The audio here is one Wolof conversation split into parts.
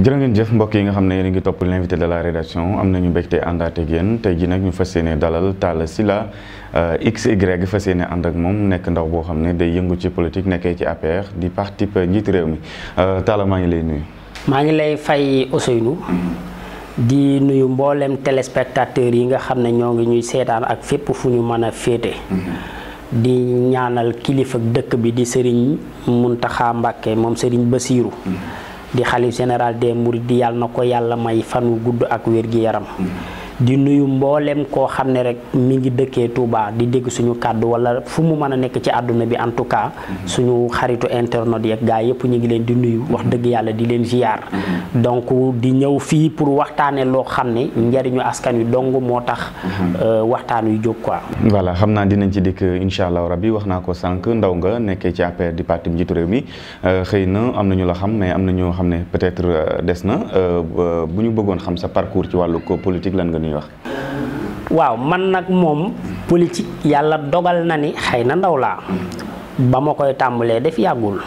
jërë ngeen jëf mbokk yi nga xam ne yéen ngi topp l'invité de la rédaction am nañu mbégte àndaat ak yéen tey jii nag ñu fas yéene dalal Talla Sylla euh, XY fas yéene ànd ak moom nekk ndaw boo xam ne day yëngu ci politique nekkee ci APR di parti njiitu réew mi euh, Talla maa ngi lay nuyu. maa ngi lay fay Ousseynou di nuyu mboolem téléspectateurs yi nga xam ne ñoo ngi ñuy seetaan ak fépp fu ñu mën a féete. Mm-hmm. di ñaanal kilifa dëkk bi di Serigne Mountakha Mbacké moom Serigne Bassirou. Mm-hmm. di xalif général des di yàlla na ko yàlla may fanu gudd ak wér gi yaram di nuyu mboolem koo xam ne rek mi ngi dëkkee Touba di dégg suñu kàddu wala fu mu mën a nekk ci àdduna bi en tout cas mhm. suñu xaritu internet yeeg gaa yëpp ñu ngi leen di nuyu wax dëgg yàlla di leen ziar. Mhm. donc di ñëw fii pour waxtaanee loo xam ne njariñu askan wi dong moo tax. Mhm. Euh, waxtaan wi jóg quoi. voilà xam naa dinañ ci dikk incha allah rabi wax naa ko sànq ndaw nga nekkee ci APR di parti njiitu réew mi euh, xëy na am na ñu la xam mais am na ñoo xam ne peut-être euh, des na bu ñu bëggoon xam sa parcours ci wàllu politique lan nga waaw man nag moom politik yàlla dogal na ni xëy na ndaw laa ba ma koy tàmbalee def yàggul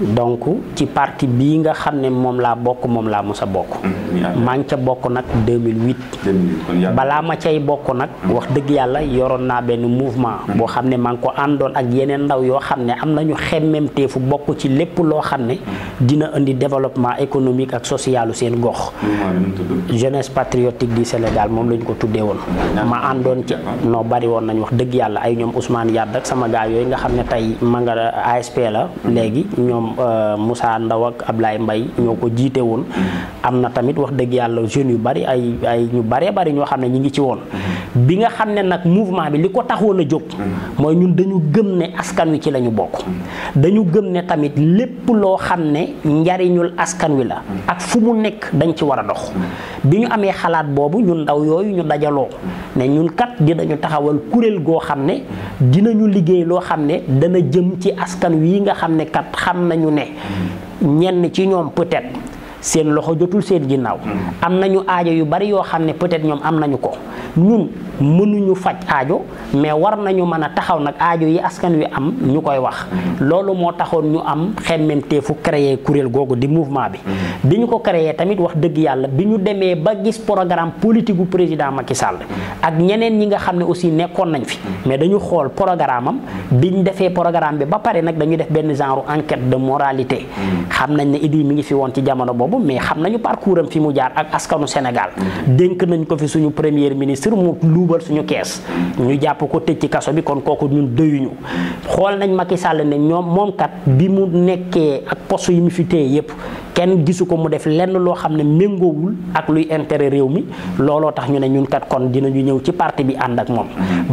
donc ci parti bii nga xam ne moom laa bokk moom laa mos a bokk mm-hmm. maa ngi ca bokk nag 2008 balaa ma cay bokk nag mm-hmm. wax dëgg yàlla yoroon naa benn mouvement mm-hmm. boo xam ne maa ngi ko àndoon ak yeneen ndaw yoo xam ne am nañu xemmemteefu bokk ci lépp loo xam ne dina indi développement économique ak socialu seen gox jeunesse patriotique du Sénégal moom lañ ko tuddee woon ma àndoon ci noo bari woon nañ wax dëgg yàlla ay ñoom Ousmane Yade Sangara la léegi ñoom euh, Moussa Ndaw ak ab Ablaye mbay ñoo ko jiite woon am na tamit wax dëgg yàlla jeunes yu bari ay ay ñu baree bari ñoo xam ne ñi ngi ci woon bi nga xam ne nag mouvement bi li ko taxoon a jóg mooy ñun dañu gëm ne askan wi ci la ñu bokk dañu gëm ne tamit lépp loo xam ne njariñul askan wi la ak fu mu nekk dañ ci war a dox bi ñu amee xalaat boobu ñun ndaw yooyu ñu dajaloo ne ñun kat dinañu taxawal kuréel goo xam ne dinañu liggéey loo xam ne dana jëm jëm ci askan wi nga xam ne kat xam nañu ne ñenn ci ñoom peut-être seen loxo jotul seen ginnaaw mm. am nañu aajo yu bari yoo xam ne peut-être ñoom am nañu ko ñun mënuñu faj aajo mais war nañu mën a taxaw nag aajo yi askan wi am ñu koy wax loolu moo taxoon ñu am xemmeemteefu créer kuréel googu di mouvement bi. Mm-hmm. bi ñu ko créer tamit wax dëgg yàlla bi ñu demee ba gis programme politique bu président Macky Sall ak ñeneen ñi nga xam ne aussi nekkoon nañ fi mm-hmm. mais dañu xool programme bi ñu defee programme bi ba pare nag dañu def benn genre enquête de moralité. Mm-hmm. xam nañ ne Idi mi ngi fi woon ci jamono boobu mais xam nañu parcours am fi mu jaar ak askanu Sénégal luubal suñu kees ñu jàpp ko tëj ci kaso bi kon kooku ñun doyuñu xool nañ Macky Sall ne ñoom moom kat bi mu nekkee ak poste yi mu fi téye yépp kenn gisu ko mu def lenn loo xam ne méngoowul ak luy intérêt réew mi looloo tax ñu ne ñun kat kon dinañu ñëw ci parti bi ànd ak moom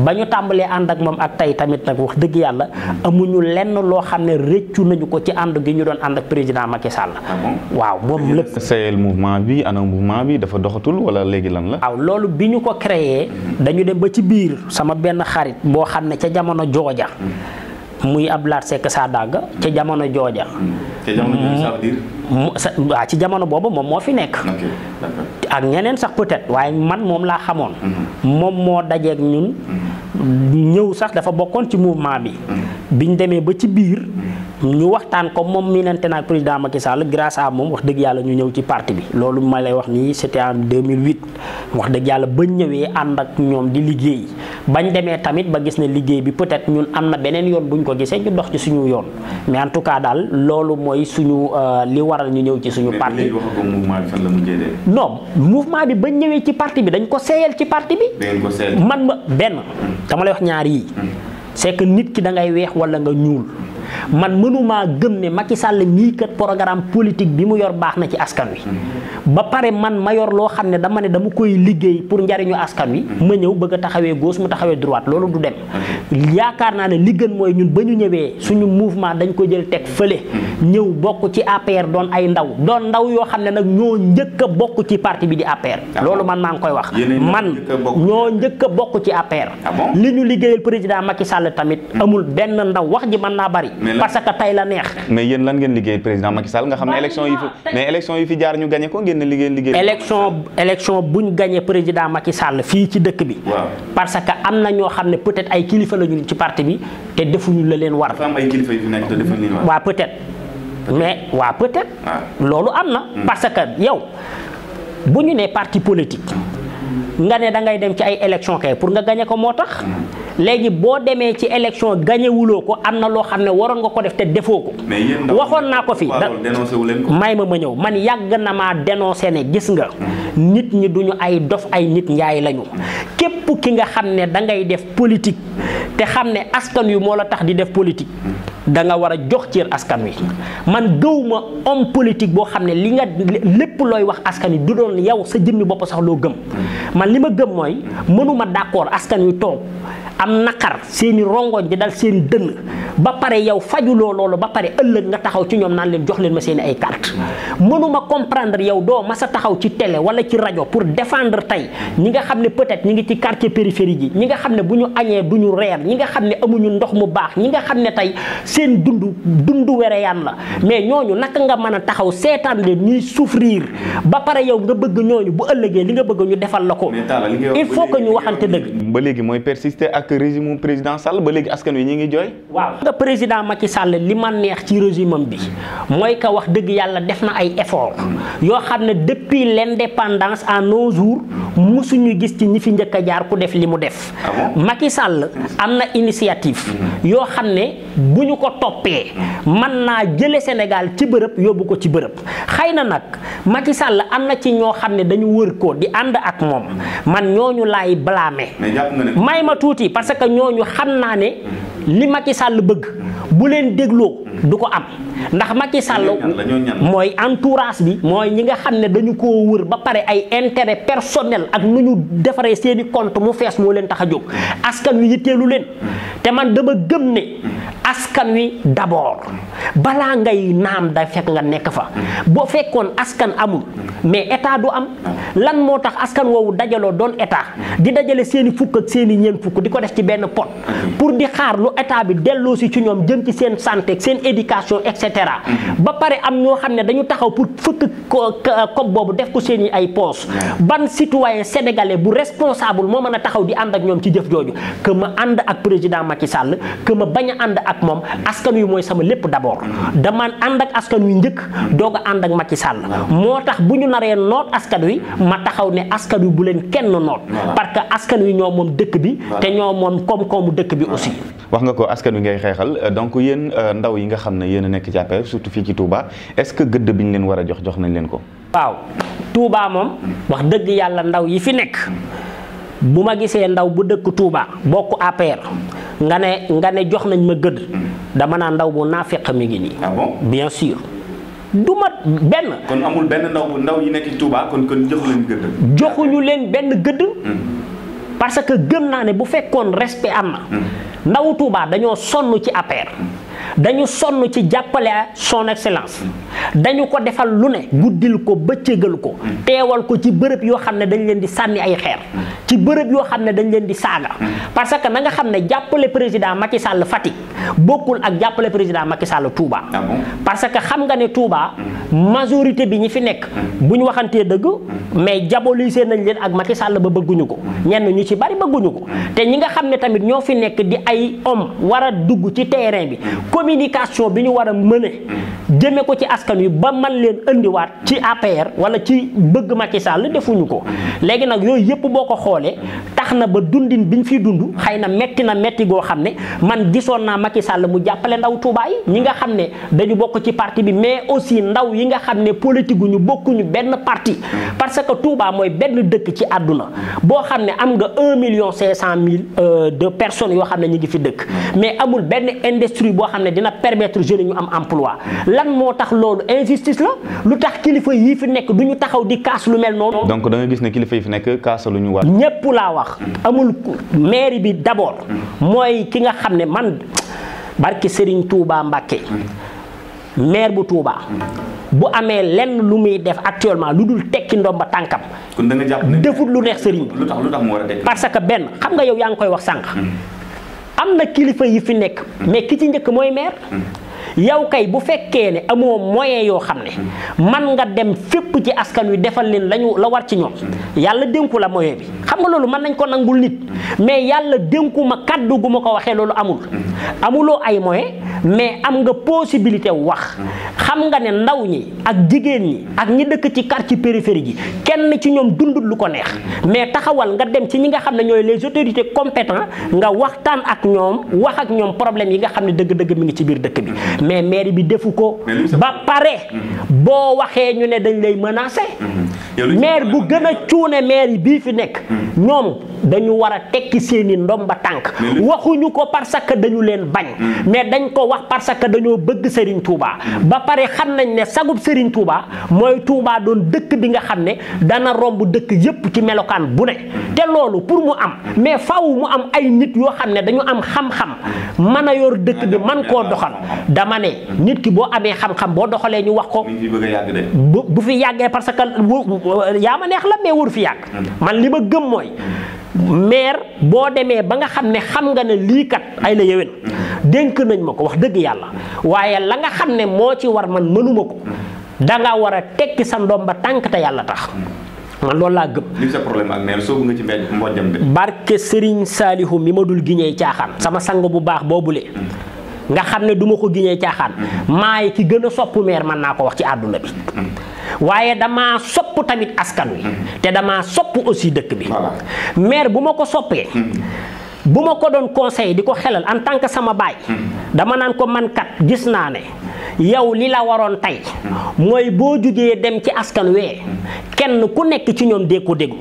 ba ñu tàmbalee ànd ak moom ak tey tamit nag wax dëgg yàlla amuñu lenn loo xam ne rëccu nañu ko ci ànd gi ñu doon ànd ak président Macky Sall ah waaw moom lépp sayel mouvement bi ana mouvement dañu dem ba ci biir sama benn xarit boo xam ne ca jamono jooja. muy ab laat sekk saa dàgg ca jamono jooja. ca ci jamono boobu moom moo fi nekk. ak ñeneen sax peut waaye man moom laa xamoon. Mhm. moom moo dajeeg ñun. Mhm. ñëw sax dafa bokkoon ci mouvement bi. Mhm. biñ demee ba ci biir ñu waxtaan ko moom miinante naag président Macky Sall grâce à moom wax dëgg yàlla ñu ñëw ci parti bi loolu ma lay wax nii c'était en 2008 wax dëgg yàlla bañ ñëwee ànd ak ñoom di liggéey bañ demee tamit ba gis ne liggéey bi peut-être ñun am na beneen yoon buñ ko gisee ñu dox ci suñu yoon mais en tout cas daal loolu mooy suñu euh, li waral ñu ñëw ci suñu parti non mouvement bi bañ ñëwee ci parti bi dañ ko seeyal ci parti bi man ma benn dama lay wax ñaar c'est nit ki da weex wala nga ñuul. man mënumaa gëm ne Macky Sall mii kat programme politique bi mu yor baax na ci askan wi ba pare man ma yor loo xam ne dama ne dama koy liggéey pour njariñu askan wi ma ñëw bëgg a taxawee gauche mu taxawee droite loolu du dem yaakaar naa ne li gën mooy ñun ba ñu ñëwee suñu movement dañ ko jël teg fële ñëw bokk ci APR doon ay ndaw doon ndaw yoo xam ne nag ñoo njëkk a bokk ci parti bi di APR loolu man naa ngi koy wax man ñoo njëkk a bokk ci APR ah li ñu liggéeyal président Macky Sall tamit hmm. amul benn ndaw wax ji mën naa bari parce que tey la neex. mais yéen lan ngeen liggéey président Macky Sall nga xam ne élection yi fi mais élection yi fi jaar ñu gagné ko ngeen ne liggéey liggéey. élection élection buñ gagné président Macky fii ci dëkk bi. parce que am na ñoo xam ne peut-être ay kilifa la ñu ci parti bi te defuñu la leen war. am ay kilifa yu mais waa peut ah. loolu am na. Hmm. parce que yow bu ñu nee parti politique. nga ne da ngay dem ci ay élection kay pour nga gagné ko moo tax. Hmm. léegi boo demee ci élection gagné ko am na loo xam ne waroon nga ko def te defoo ko. waxoon naa ko fi may ma ma ñëw man yàgg na maa dénoncé ne gis nga. Mm-hmm. nit ñi duñu ay dof ay nit njaay lañu. Mm-hmm. képp ki nga xam ne da ngay def politique te xam ne askan wi moo la tax di def politique. Mm-hmm. da nga war a jox cër askan wi man gëwma homme politique boo xam ne li nga lépp looy wax askan wi du doon yow sa jëmmi bopp sax loo gëm. man li ma gëm mooy mënuma d'accord askan wi toog. am naqar seeni rongoñ ji dal seen dënn ba pare yow fajuloo loolu ba pare ëllëg nga taxaw ci ñoom naan leen jox leen ma seen ay carte mënuma comprendre yow doo ma sa taxaw ci télé wala ci rajo pour defendre tey ñi nga xam ne peut-être ñi ngi ci quartier périphérique yi ñi nga xam ne bu ñu añee du ñu ñi nga xam ne amuñu ndox mu baax ñi nga xam ne tey seen dundu dundu wereyaan la mais ñooñu naka nga mën a taxaw seetaan leen ñuy souffrir ba pare yow nga bëgg ñooñu bu ëllëgee li nga bëgg ñu defal la ko il faut que ñu waxante dëgg ba léegi mooy persister ak régime président Sall ba léegi askan wi ñi ngi jooy nga président Macky Sall li ma am mooy que wax dëgg yàlla def na ay effort yoo xam ne depuis l'indépendance à nos jours musuñu gis ci ñi fi njëkk a jaar ku def li mu def. Ah Macky Sall am na initiative yoo xam ne bu ñu ko toppee man naa jële Sénégal ci bërëb yóbbu ko ci bërëb xëy na nag Macky Sall am na ci ñoo xam ne dañu wër ko di ànd ak moom man ñooñu laay blâmer. may ma tuuti parce que ñooñu xam naa ne. li Macky Sall bëgg bu leen dégloo du ko am ndax Macky Sall mooy entourage bi mooy ñi nga xam ne dañu ko wër ba pare ay intérêt personnel ak nu ñu defaree seeni compte mu fees moo leen tax a jóg askan wi yitteelu leen te man dama gëm ne askan wi d'abord balaa ngay naam da fekk nga nekk fa boo fekkoon askan amul mais état du am lan moo tax askan woowu dajaloo doon état di dajale seeni fukk ak seeni ñeent fukk di ko def ci benn pot pour di xaar lu état bi delloo si ci ñoom jëm ci seen santé seen éducation et cetera. Mm-hmm. ba pare am ñoo xam ne dañu taxaw pour fëkk ko kob boobu def ko seen i ay poos ban citoyen sénégalais bu responsable moo mën a taxaw di ànd ak ñoom ci jëf jooju que ma ànd ak président Macky Sall que ma bañ a ànd ak moom askan wi mooy sama lépp d' abord mm-hmm. dama ànd ak askan wi njëkk doog a ànd ak Macky Sall moo tax bu ñu naree noot askan wi ma taxaw ne askan wi bu leen kenn noot parce que askan wi ñoo moom dëkk bi te ñoo moom koom-koomu dëkk bi aussi xam ne yéen a nekk ci APR surtout fii ci Touba est-ce que gëdd bi ñu leen war a jox jox nañ leen ko. waaw Touba moom wax dëgg yàlla ndaw yi fi nekk bu ma gisee ndaw bu dëkk Touba bokk APR nga ne nga ne jox nañ ma gëdd dama naa ndaw bu naafeq mi ngi nii. ah bien sûr. du benn. kon amul benn ndaw ndaw yi nekk ci Touba kon kon joxu leen gëdd. joxuñu leen benn gëdd. Hmm. parce que gën naa ne bu fekkoon respect am na. Hmm. ndawu Touba dañoo sonn ci APR. Hmm. dañu sonn ci jàppale son excellence dañu ko defal lu ne guddil ko ba bëccëgal ko teewal ko ci bërëb yoo xam ne dañ leen di sànni ay xeer ci bërëb yoo xam ne dañ leen di saaga parce que na nga xam ne jàppale président Macky Sall Fatick bokkul ak jàppale président Macky Sall Touba ah parce que xam nga ne Touba majorité bi ñi fi nekk bu ñu waxantee dëgg mais diabolisé nañ leen ak Macky Sall ba bëgguñu ko ñenn ñu ci bari bëgguñu ko te ñi nga xam ne tamit ñoo fi nekk di ay homme war a dugg ci terrain bi communication bi ñu war a mëne askan wi ba man leen indiwaat ci APR wala ci bëgg Macky Sall defuñu ko léegi nag yooyu yëpp boo ko xoolee tax na ba dundin biñ fi dund xëy na metti na metti goo xam ne man gisoon naa Macky Sall mu jàppale ndaw Touba ñi nga xam ne dañu bokk ci parti bi mais aussi ndaw yi nga xam ne politique ñu bokkuñu benn parti parce que Touba mooy benn dëkk ci àdduna boo xam ne am nga un million cinq cent mille euh, de personnes yoo xam ne ñu ngi fi dëkk mais amul benn industrie boo xam ne dina permettre jeunes am emploi noonu injustice la lu tax kilifa yii fi nekk du ñu taxaw di kaas lu mel noonu. donc da nga gis ne kilifa yi fi nekk kaas lu ñu war. ñépp laa wax amul mairie bi d'abord mooy ki nga xam ne man barki sëriñ Touba Mbacké maire bu Touba. bu amee lenn lu muy def actuellement lu dul tekki ndomba tànkam. kon da nga jàpp defut lu neex sëriñ bi. lu tax lu parce que benn xam nga yow yaa ngi koy wax sànq. Hmm. am na kilifa yi fi nekk. mais ki ci njëkk mooy maire. Hmm. yow kay bu fekkee ne amoo moyen yoo xam ne man nga dem fépp ci askan wi defal leen lañu la war ci ñoom yàlla dénku la moyen bi xam nga loolu mën nañ ko nangul nit mais yàlla dénku ma kàddu gu ma ko waxee loolu amul amuloo ay moyen mais am nga possibilité wax xam nga ne ndaw ñi ak jigéen ñi ak ñi dëkk ci ci périphérie ji kenn ci ñoom dundul lu ko neex mais taxawal nga dem ci ñi nga xam ne ñooy les autorités compétent nga waxtaan ak ñoom wax ak ñoom problème yi nga xam ne dëgg mi ngi ci biir dëkk bi mais mairie bi defu ko. ba pare. Mhm. boo waxee ñu ne dañ lay menacé. Mhm. maire bu gën a cuune maire bii fi nekk. Mhm. ñoom dañu war a tekki seeni ndomba tànk. waxuñu ko parce que dañu leen bañ. mais dañ ko wax parce que dañoo bëgg Serigne Touba. ba pare xam nañ ne sagub Serigne Touba mooy Touba doon dëkk bi nga xam ne dana romb dëkk yépp ci melokaan bu ne. te loolu pour mu am mais faaw mu am ay nit yoo xam ne dañu am xam-xam mën a yor dëkk bi man koo doxal. dama ne. nit ki boo amee xam-xam boo doxalee ñu wax ko. bu bu fi yàggee parce que yaa ma neex la mais waru fi yàgg. Hmm. man li ma gëm mooy. maire boo demee ba nga xam ne xam nga ne lii kat ay la yéwén. Hmm. dënk nañ ma ko wax dëgg yàlla. waaye la nga xam ne moo ci war man mënuma ko. Hmm. danga war a tekki sa ndomba tànk te yàlla tax. man loolu laa gëm. li sa problème ak maire soobu nga ci mbéj barke Serigne Salihu mi ma dul giñee caaxaan. sama sang bu baax boobule. nga xam ne duma ma ko giñee caaxaan maay ki gën a sopp meer mën naa ko wax ci àdduna bi waaye damaa sopp tamit askan wi te damaa sopp aussi dëkk bi meer bu ma ko soppee hmm. bu ma ko doon conseil di ko xelal en tant que sama baay hmm. dama naan ko man kat gis naa ne yow li la waroon tey hmm. mooy boo jugee dem ci askan wee hmm. kenn ku nekk ci ñoom dee ko déglu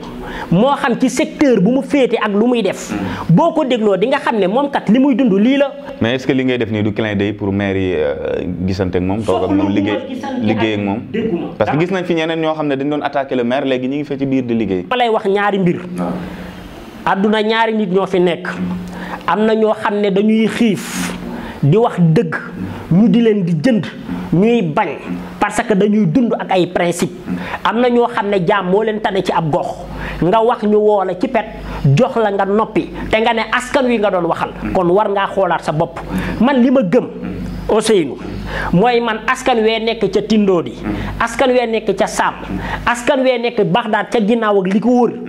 moo xam ci secteur bu mu féete ak lu muy def boo ko dégloo di nga xam ne moom kat li muy dund lii la. mais est li ngay def nii du clin d'œil pour maire yi euh, gisante moom. toog ak moom liggéey liggéey ak moom. parce que gis nañ fi ñeneen ñoo xam ne dañ doon attaquer le maire léegi ñu ngi fa ci biir di liggéey. ma lay wax ñaari mbir. Ah. àdduna ñaari nit ñoo fi nekk am na ñoo xam ne dañuy xiif di wax dëgg ñu di leen di jënd ñuy bañ parce que dañuy dund ak ay principe am na ñoo xam ne jaam moo leen tane ci ab gox nga wax ñu woo la ci pet jox la nga noppi te nga ne askan wi nga doon waxal kon war ngaa xoolaat sa bopp man li ma gëm Ousseynou mooy man askan wee nekk ca Tindoodi mm. askan wee nekk ca Sàmm mm. askan wee nekk Baxdaad ca ginnaaw ak li ko wër mm.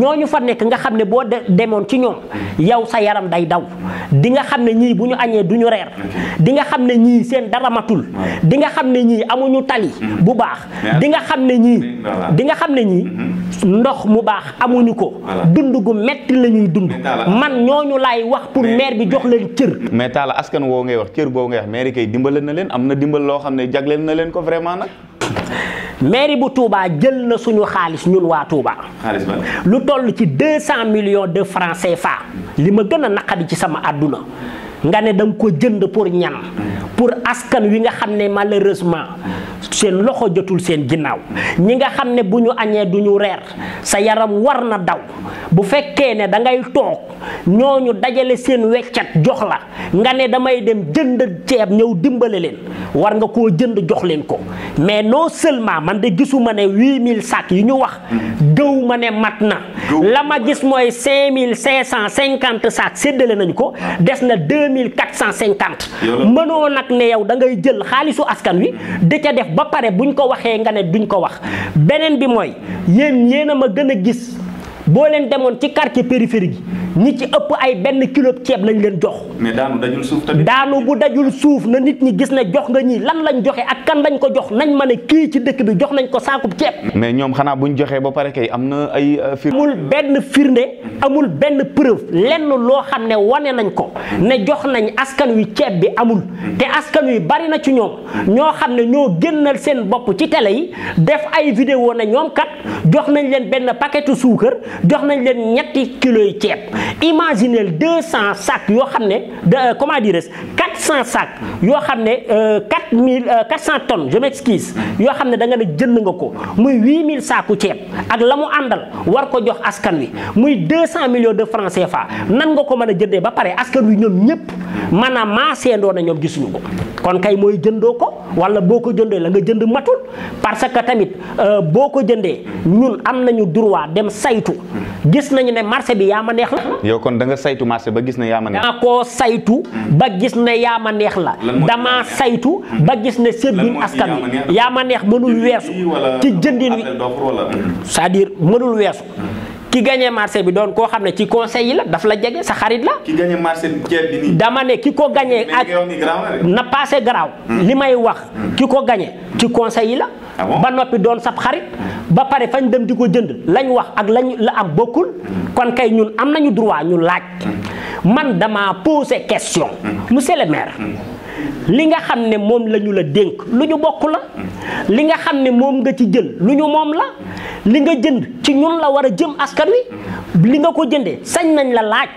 ñooñu fa nekk nga xam ne boo demoon ci ñoom yow sa yaram day daw dinga xam ne ñii bu ñu añee du ñu reer di nga xam ne ñii seen dara matul di nga xam ne ñii amuñu tali bu baax dinga xam ne ñii dinga xam ne ñii mm-hmm. ndox mu baax amuñu ko. dund gu metti la ñuy dund. man ñooñu laay wax pour maire bi jox leen cër. mais Talla askan woo ngay wax cër boobu ngay wax maire kay dimbale na leen am na dimbal loo xam ne jagleel na leen ko vraiment nag. mairie bu tuubaa jël na suñu xaalis ñun waa Touba. lu toll ci deux cent millions de francs CFA. li ma gën a naqari ci sama àdduna. nga ne da ko jënd pour ñan pour askan wi nga xam ne malheureusement seen loxo jotul seen ginnaaw ñi nga xam ne bu ñu añee du ñu reer sa yaram war na daw bu fekkee ne da ngay toog ñu dajale seen weccat jox la nga ne damay dem jënd ceeb ñëw dimbale leen war nga koo jënd jox leen ko mais non seulement man de gisuma ne huit mille sacs yi ñu wax gëw ma ne mat na la ma gis mooy cinq mille cinq cent cinquante sacs séddale nañu ko des na deux mille quatre cent cinquante mënoo nag ne yow da ngay jël xaalisu askan wi da ca def ba pare bu buñ ko waxee nga ne duñ ko wax beneen bi mooy yéen yéen a ma gën a gis boo leen demoon ci quartier périphérie gi ñi ci ëpp ay benn kilo ceeb lañ leen jox. mais daanu dajul suuf bu dajul suuf na nit ñi gis ne jox nga ñii lan lañ joxe ak kan lañ ko jox nañ ma ne kii ci dëkk bi jox nañ ko saakub ceeb. mais ñoom xanaa buñ joxee ba pare kay am na ay. Euh, firnde benn firnde amul benn preuve lenn loo xam ne wane nañ ko ne jox nañ askan wi ceeb bi amul te askan wi bari na ci ñoom ñoo xam ne ñoo génnal seen bopp ci télé yi def ay vidéo ne ñoom nañ leen benn paquetu suukar jox nañ leen ñetti kilo yi ceeb. imaginez deux cent sacs yoo xam ne de euh, comment dire quatre cent sacs yoo xam ne euh, quatre mille euh, quatre cent tonnes je m'excuse yoo xam ne da nga ne jënd nga ko muy huit mille saaku ceeb ak la mu àndal war ko jox askan wi muy deux cent millions de francs CFA nan nga ko mën a jëndee ba pare askan wi ñoom ñëpp maanaam maaseendoo na ñoom gisuñu ko kon kay mooy jëndoo ko wala boo ko jëndee la nga jënd matul parce que tamit boo ko jëndee ñun am nañu droit dem saytu gis nañu ne marché bi yaa ma neex la yow kon da nga saytu marché ba gis ne yaa ma neex. daa koo saytu ba gis ne yaa ma neex la. damaa saytu ba gis ne sedduñ askan yaa ma neex mënul weesu. ci jëndin wi c'est-à-dire mënul weesu. ki gagné marché bi doon koo xam ne ci conseil yi la daf la jege sa xarit la. ki gagné marché bi ceeb dama ne ki ko gagné ak na paase garaaw. Hmm. li may wax. Hmm. ki ko gañe ci conseil yi la. Ah ba noppi doon sab xarit. ba pare fañ dem di ko jënd lañ wax ak lañ la am bokkul. Hmm. kon kay ñun am nañu droit ñu laaj. man dama posé question. monsieur le maire. li nga xam ne moom lañu la dénk lu ñu bokk la li nga xam ne moom nga ci jël lu ñu moom la li nga jënd ci ñun la war a jëm askan wi li nga ko jëndee sañ nañ la laaj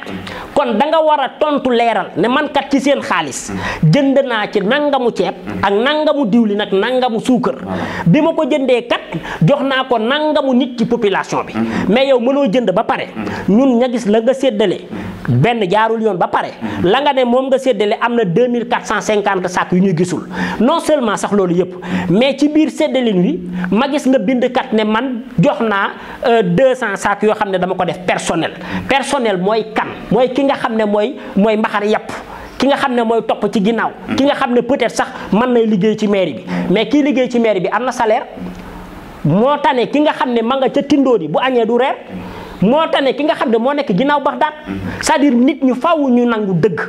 kon danga war a tontu leeral ne mankat ci seen xaalis jënd naa ci nangamu ceeb ak nangamu diwlin ak nangamu suukar bi ma ko jëndee kat jox naa ko nangamu nit ci population bi mm-hmm. mais yow mënoo jënd ba pare mm-hmm. ñun ña gis la nga séddale benn jaarul yoon ba pare la nga ne moom nga séddale am na cinquante sacs yu ñuy gisul non seulement sax loolu yëpp mais ci biir séddalin wi ma gis nga bind kat ne man jox naa 200 euh, sacs yoo xam ne dama ko def personnel personnel mooy kan mooy ki nga xam ne mooy mooy mbaxar yàpp ki nga xam ne mooy topp ci ginnaaw ki nga xam ne peut sax mën nay liggéey ci mairie bi mais kii liggéey ci mairie bi am na salaire moo tax ne ki nga xam ne ma nga ca tindóo di bu añee du reer moo tax ne ki nga xam ne moo nekk ginnaaw Baxdaad c'est-à-dire nit ñu faaw ñu nangu dëgg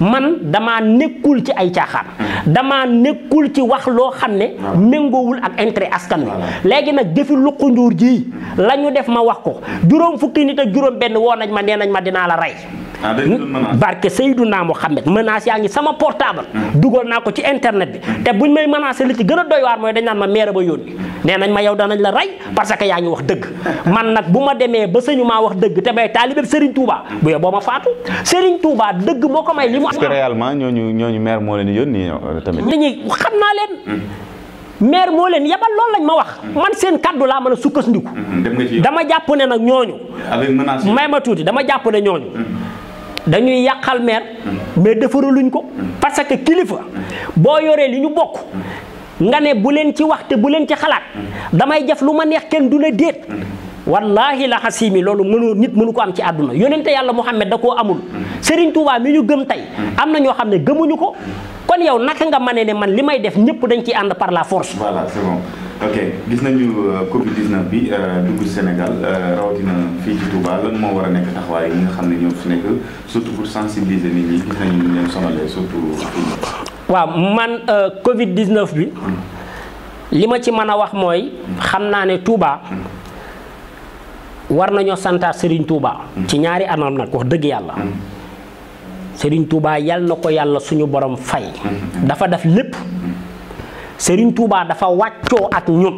man damaa nekkul ci ay caaxaan damaa nekkul ci wax loo xam ne méngoowul ak intérêt askan wi léegi nag jëfi luqu njuur ji la def ma wax ko juróom fukki nit ak juróom benn woo nañ ma nee nañ ma dinaa la rey Ah, barke Seydouna Mohamed menace yaa ngi sama portable hmm. dugal naa ko ci internet bi hmm. te buñ may menacé li ci gën a waar mooy dañ ma maire ba yónni nee nañ ma yow danañ la rey parce que yaa ngi wax dëgg man nag bu ma demee ba sëñu maa wax dëgg te may taalibeb Serigne Touba ma faatu Serigne Touba dëgg moo ko may li mu am réellement ñooñu ñooñu moo leen yónni euh, tamit dañuy xam naa leen hmm. maire moo leen yebal ma wax man seen kaddu laa mën a sukkandiku dama jàpp ne nag ñooñu may ma tuuti dama jàpp ne ñooñu dañuy yàqal maire mais defaraluñ ko parce que kilifa boo yoree li ñu bokk nga ne bu leen ci waxte bu leen ci xalaat damay jaf lu ma neex kenn du la déet wallahi la xasimi loolu mënu nit mënu ko am ci àdduna yonente yàlla Muhammad da koo amul Serigne Touba mi ñu gëm tey am na ñoo xam ne gëmuñu ko kon yow naka nga mane ne man li may def ñëpp dañ ciy ànd par la force. ok gis nañu euh, Covid 19 bi euh, dugg Sénégal euh, rawatina fii ci Touba lan moo war a nekk taxawaay yi nga xam ne ñoom fi nekk surtout pour sensibiliser nit ñi gis nañu ñu leen sonalee surtout. waaw man Covid 19 bi. Hmm. li ma ci mën a wax mooy. Hmm. xam naa ne Touba. Hmm. war nañoo santaat Serigne Touba. ci ñaari anam nag wax dëgg yàlla. Serigne Touba yal na ko yàlla suñu borom fay. dafa def lépp. Serigne Touba dafa wàccoo ak ñun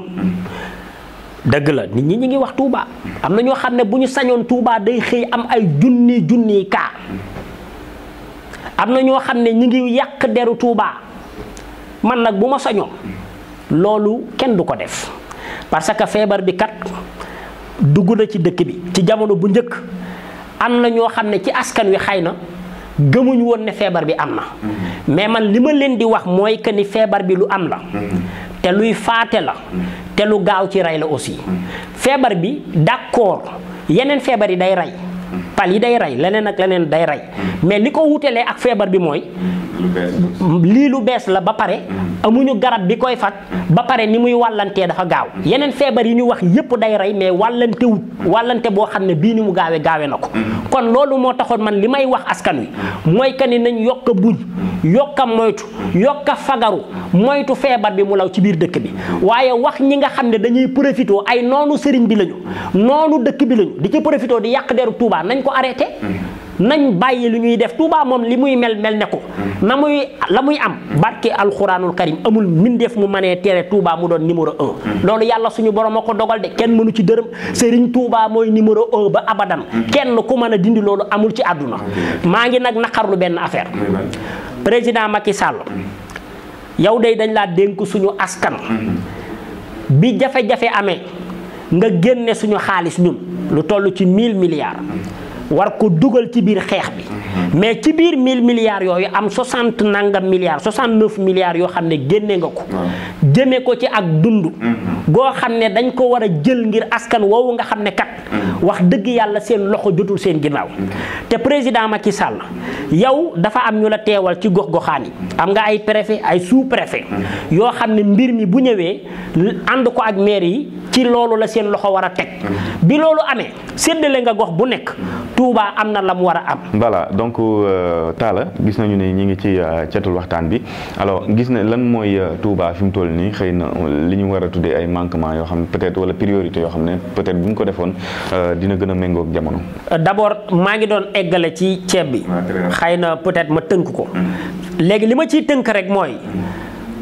dëgg la nit ñi ñu ngi wax tuubaa am na ñoo xam ne bu ñu sañoon Touba day xëy am ay junni junni kaa am na ñoo xam ne ñu ngi yàq deru Touba man nag bu ma sañoon loolu kenn du ko def parce que feebar bi kat dugg na ci dëkk bi ci jamono bu njëkk am na ñoo xam ne ci askan wi xay na gëmuñ woon ne feebar bi am na. mais man li ma leen di wax mooy que ni feebar bi lu am la te luy faate la te lu gaaw ci rey la aussi feebar bi dakkoor yeneen feebar yi day rey pal yi day rey leneen ak leneen day rey mais li ko wutelee ak feebar bi mooy lii lu bees la ba pare amuñu garab bi koy fat ba pare ni muy wàllantee dafa gaaw yeneen feebar yi ñu wax yépp day rey mais wàllante wàllante boo xam ne bii ni mu gaawe gaawe na ko kon loolu moo taxoon man li may wax askan wi mooy que ni nañ yokk a buñ yokk moytu yokk a fagaru moytu feebar bi mu law ci biir dëkk bi waaye wax ñi nga xam ne dañuy profité ay noonu sëriñ bi lañu noonu dëkk bi arrêté mm-hmm. nañ bàyyi lu ñuy def Touba moom li muy mel mel ne ko mm-hmm. na muy la muy am barke alxuraanul karim amul mbindeef mu mënee tere Touba mu doon numéro un mm-hmm. loolu yàlla suñu borom a ko dogal de kenn mënu ci dërëm Serigne Touba mooy numéro un ba abadan kenn ku mën a dindi loolu amul ci àdduna maa ngi nag naqarlu benn affaire président Macky Sall yow de dañ laa dénk suñu askan bi jafe-jafe amee nga génne suñu xaalis ñun lu toll ci mille milliards war ko dugal ci biir xeex bi mhm. mais ci biir mille milliards yooyu am soixante nangam milliards soixante neuf milliards yoo xam ne génne nga ko jëme ko ci ak dund mhm. goo xam ne dañ ko war a jël ngir askan woowu nga xam ne kat mhm. wax dëgg yàlla seen loxo jotul seen ginnaaw te président Macky sàll yow dafa am ñu la teewal ci gox goxaan yi am nga ay préfet ay sous préfet yoo xam ne mbir mi bu ñëwee ànd ko ak maire yi ci loolu la seen loxo war a teg bi loolu amee séddale gox bu nekk Touba am na la mu war a am. voilà donc euh, Talla gis nañu ne ñi ngi ci euh, cetul waxtaan bi alors gis na lan mooy euh, Touba fi mu toll nii xëy na li ñu war a tuddee ay manquement yoo xam ne peut-être wala priorité yoo xam ne peut-être bu ñu ko defoon dina gën a méngóog jamono. d'abord maa ngi doon eggale ci ceeb bi. Ah, xay na peut-être ma tënk ko. Mm-hmm. léegi li ma ciy tënk rek mooy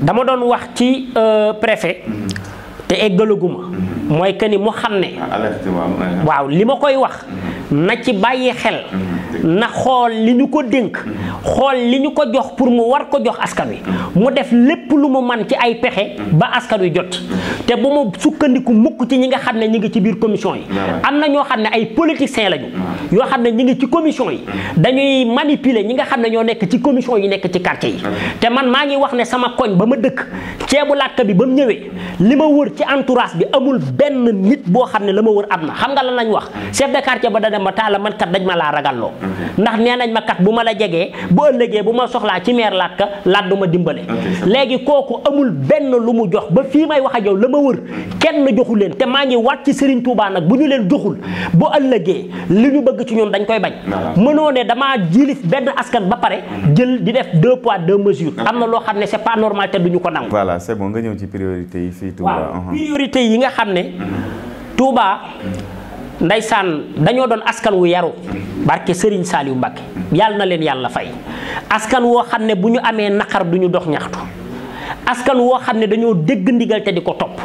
dama doon wax ci préfet mm-hmm. te eggalaguma. Mm-hmm. mooy que ni mu xam ne. Ah, waaw li ma koy wax. Mm-hmm. na ci bàyyi xel. Mm-hmm. na xool li ñu ko dénk xool li ñu ko jox pour mu war ko jox askan wi mu def lépp lu mu man ci ay pexe ba askan wi jot te bu ma sukkandiku mukk ci ñi nga xam ne ñi ngi ci biir commission yi ah am na ñoo xam ne ay politiciens lañu yoo xam ne ñi ngi ci commission yi dañuy manipuler ñi nga xam ne ñoo nekk ci commission yi nekk ci quartier yi te man maa ngi wax ne sama koñ ba ma dëkk ceebu làkk bi ba mu ñëwee li ma wër ci entourage bi amul benn nit boo xam ne la ma wër am na xam nga lan lañ wax hmm. chef de ba da dem ba taala man dañ ma laa ragalloo ndax nee nañ ma kat bu ma la jegee bu ëllëgee bu ma soxlaa ci meer laat ka laat du ma dimbale léegi kooku amul benn lu mu jox ba fii may wax a yow la ma wër kenn joxu leen te maa ngi wat ci sëriñ Touba nag bu ñu leen joxul bu ëllëgee li ñu bëgg ci ñoom dañ koy bañ mënoo ne damaa jilif benn askan ba pare mhm. jël di def deux poids deux mesures am na loo xam ne c'est pas normal te duñu ko nangu voilà c'est bon ñëw ci priorité yi fii Touba waaw mhm. priorité yi nga xam ne mhm. Touba ndeysaan dañoo doon askan wu yaru barke Serigne Saliou Mbacke yàlla na leen yàlla fay askan woo xam ne bu ñu amee naqar du ñu dox ñaxtu askan woo xam ne dañoo dégg ndigal te di ko topp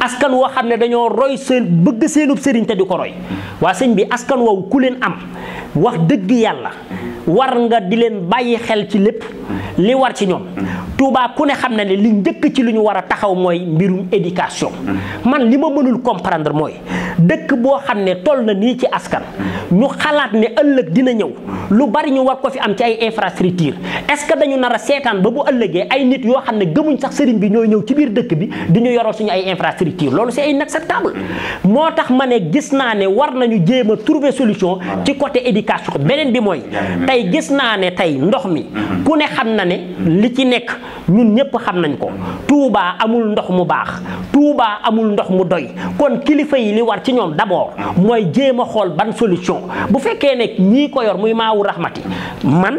askan woo xam ne dañoo roy seen bëgg seenub sëriñ te di ko roy waa sëñ bi askan woowu ku leen am wax dëgg yàlla war nga di leen bàyyi xel ci lépp li war ci ñoom Touba ku ne xam na ne li njëkk ci lu ñu war a taxaw mooy mbirum éducation man li ma mënul comprendre mooy dëkk boo xam ne toll na nii ci askan ñu xalaat ne ëllëg dina ñëw lu bari ñu war ko fi am ci ay infrastructure est-ce que dañu nar seetaan ba bu ëllëgee ay nit yoo xam ne gëmuñ sax sëriñ bi ñooy ñëw ci biir dëkk bi di ñu yoroo suñu ay infrastructure loolu nag c'est inacceptable moo tax ma ne gis naa ne war nañu jéem a trouver solution ci côté éducation beneen bi mooy tey gis naa ne tey ndox mi ku ne xam na ne li ci nekk ñun ñëpp xam nañ ko Touba amul ndox mu baax Touba amul ndox mu doy ci ñoom d' abord mooy jéem a xool ban solution bu fekkee ne ñii ko yor muy maawu raxmati man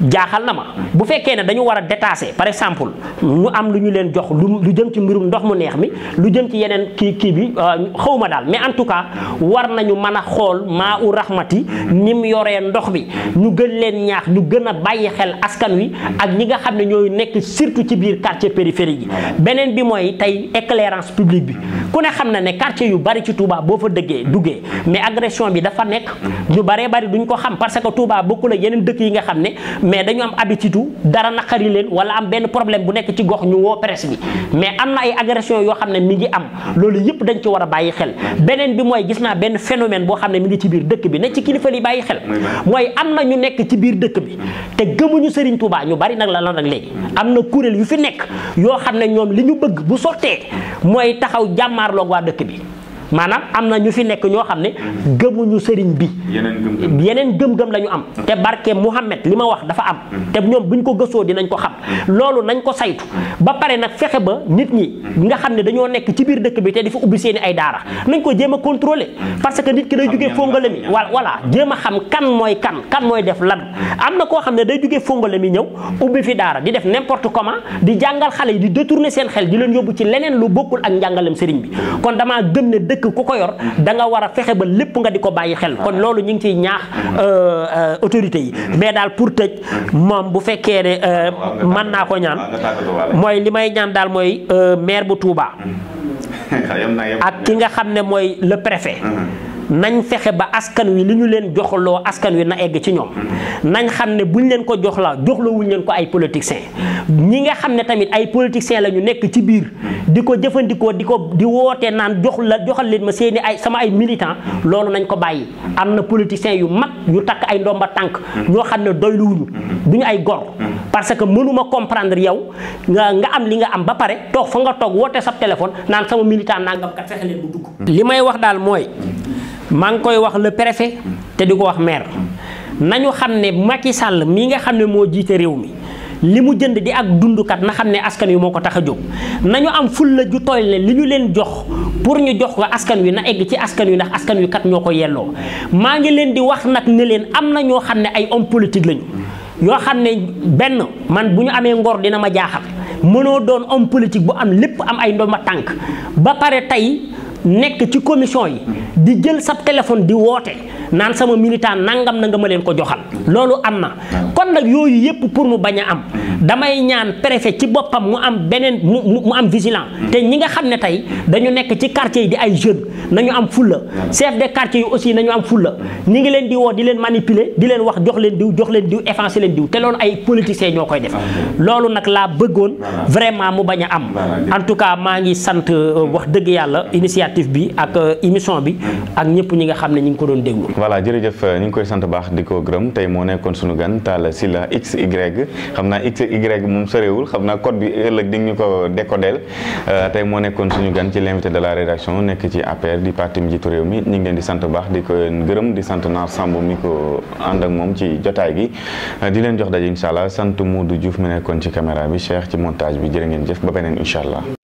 jaaxal na ma bu fekkee ne dañu war a détacher par exemple ñu am lu ñu leen jox lu lu jëm ci mbirum ndox mu neex mi lu jëm ci yeneen kii kii bi euh, xaw ma daal mais en tout cas war nañu mën a xool maa u rahmati ni yore yoree ndox mi ñu gën leen ñaax ñu gën a bàyyi xel askan wi ak ñi nga xam ne ñooy nekk surtout ci biir quartier périphérique yi beneen bi mooy tey éclairance publique bi ku ne xam na ne quartier yu bari ci Touba boo fa dëggee duggee mais agression bi dafa nekk ñu baree bari duñ ko xam parce que Touba bokkul ak yeneen dëkk yi nga xam ne mais dañu am habitude dara na naqari leen wala am benn problème bu nekk ci gox ñu woo presse bi mais am na ay agression yoo xam ne mi ngi am loolu yëpp dañ ci war a bàyyi xel beneen bi mooy gis naa benn phénomène boo xam ne mu ngi ci biir dëkk bi ne ci kilifa yi bàyyi xel mooy am na ñu nekk ci biir dëkk bi te gëmuñu Serigne Touba ñu bari nag la la nag léegi am na kuréel yu fi nekk yoo xam ne ñoom li ñu bëgg bu sottee mooy taxaw jàmmaar jàmmaarloog waa dëkk bi maanaam am na ñu fi nekk ñoo xam ne gëmuñu sëriñ bi yeneen gëm-gëm la ñu am mm. te barke Mouhamed li ma wax dafa am mm. te ñoom buñ ko gëstoo dinañ ko xam mm. loolu nañ ko saytu ba pare nag fexe ba nit ñi nga xam ne dañoo nekk ci biir dëkk bi te di fa ubbi seeni ay daara nañ ko jéem a contrôler parce que nit ki day jugee fongale mi jéem a xam kan mooy kan kan mooy def lan am na koo xam ne day jugee fongale mi ñëw ubbi fi daara di def n'importe comment di jàngal xale yi di détourner seen xel di leen yóbbu ci leneen lu bokkul ak njàngalem bi ku ko yor mm-hmm. da nga war a fexe ba lépp nga di ko bàyyi xel kon loolu ñu ngi ciy ñaax mm-hmm. euh, euh, autorité yi mm-hmm. mais daal pour tëj moom bu fekkee ne euh, mën naa ko ñaan mooy li may ñaan daal mooy maire bu Touba ak ki nga xam ne mooy le préfet nañ fexe ba askan wi li ñu leen joxloo askan wi na egg ci ñoom nañ xam ne buñ leen ko jox la joxloo leen ko ay politiciens ñi nga xam ne tamit ay politiciens la ñu nekk ci biir di ko jëfandikoo di ko di wootee naan jox la joxal leen ma seeni ay sama ay militants loolu nañ ko bàyyi am na politiciens yu mag yu takk ay ndomba tànk ñoo xam ne doyluwuñu duñu ay gor parce que mënuma comprendre yow nga nga am li nga am ba pare toog fa nga toog woote sa téléphone naan sama militant nangam wax daal mooy maa ngi koy wax la préfet te di ko wax na ñu xam ne Macky sàll mii nga xam ne moo jiite réew mi li mu jënd di ak dundukat na xam ne askan wi moo ko tax a jóg nañu am fulla ju tooy ne li ñu leen jox pour ñu jox ko askan wi na egg ci askan wi ndax askan wi kat ñoo ko yelloo maa ngi leen di wax nag ne leen am na ñoo xam ne ay homme politique lañu yoo xam ne benn man bu ñu amee ngor dina ma jaaxal mënoo doon homme politique bu am lépp am ay ndoma tànk ba nekk ci commission yi di jël sa téléphone di woote naan sama militant nangam na nga ma leen ko joxal loolu am na kon nag yooyu yëpp pour mu bañ a am damay ñaan préfet ci boppam mu am beneen mu mu am vigilant te ñi nga xam ne tey dañu nekk ci quartier yi di ay jeunes nañu am fulla chef de quartier yi aussi nañu am fulla ñi ngi leen di woo di leen manipuler di leen wax jox leen diw jox leen diw effacer leen diw te loolu ay politicien ñoo koy def loolu nag laa bëggoon vraiment mu bañ a am en tout cas maa ngi sant euh, wax dëgg yàlla initiative bi ak euh, émission bi ak ñëpp ñi nga xam ne ñi ngi ko doon déglu voilà jërëjëf euh, ñu ngi koy sant baax di ko gërëm tey moo nekkoon suñu gan Talla Sylla XY xam naa XY moom sorewul xam naa code bi ëllëg di ñu ko décodeel euh, tey moo nekkoon suñu gan ci l'invité de la rédaction nekk ci APR di parti mi jiitu réew mi ñu ngi leen di sant baax di ko gërëm di sant Naar Samb mi ko ànd ak moom ci jotaay gi euh, di leen jox daje incha allah sant Modou Diouf mi nekkoon ci caméra bi Cheikh ci montage bi jëre ngeen jëf ba beneen incha allah